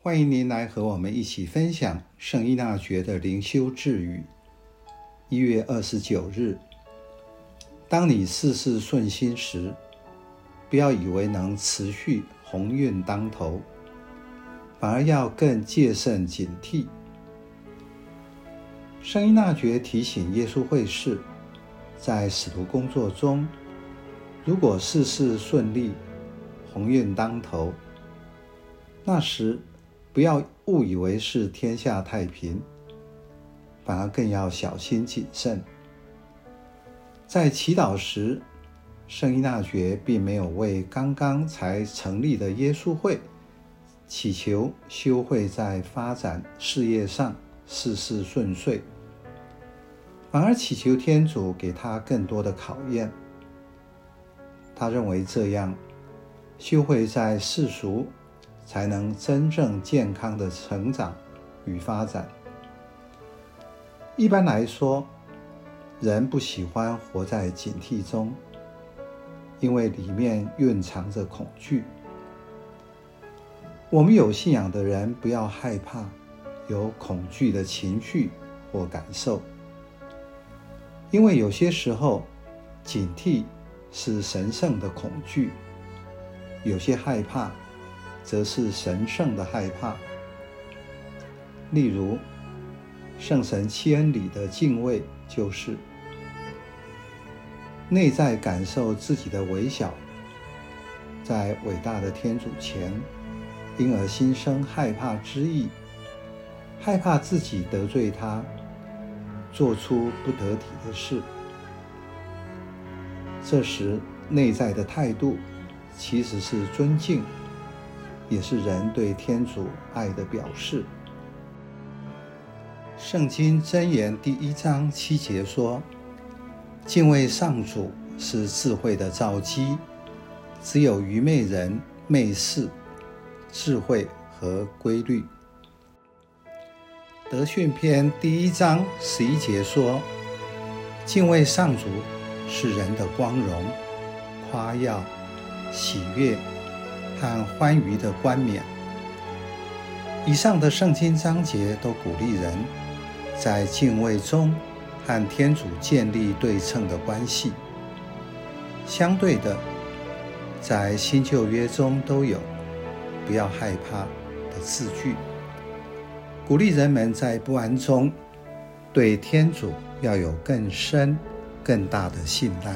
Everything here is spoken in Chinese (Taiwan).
歡迎您來和我們一起分享聖依納爵的靈修智語。一月二十九日，當你事事順心時，不要以為能持續鴻運當頭，反而要更戒慎警惕。聖依納爵提醒耶穌會士，在使徒工作中，如果事事順利、鴻運當頭，那時，不要誤以為是天下太平，反而更要小心謹慎。在祈禱時，聖依納爵並沒有為剛剛才成立的耶穌會祈求修會在發展事業上事事順遂，反而祈求天主給他更多的考驗。他認為這樣，修會在世俗才能真正健康的成長與發展。一般來說，人不喜歡活在警惕中，因為裡面蘊藏着恐懼。我們有信仰的人不要害怕有恐懼的情緒或感受，因為有些時候警惕是神聖的恐懼，有些害怕。則是神聖的害怕，例如聖神七恩裡的敬畏，就是內在感受自己的微小，在偉大的天主前，因而心生害怕之意，害怕自己得罪他，做出不得體的事。這時內在的態度其實是尊敬。也是人對天主愛的表示。聖經箴言第一章七節說：“敬畏上主是智慧的肇基，只有愚昧人蔑視智慧和規律。”德訓篇第一章十一節說：“敬畏上主是人的光榮、誇耀、喜悅。”和歡愉的冠冕。以上的聖經章節都鼓勵人，在敬畏中和天主建立對稱的關係。相對的，在新舊約中都有“不要害怕”的字句，鼓勵人們在不安中對天主要有更深、更大的信賴。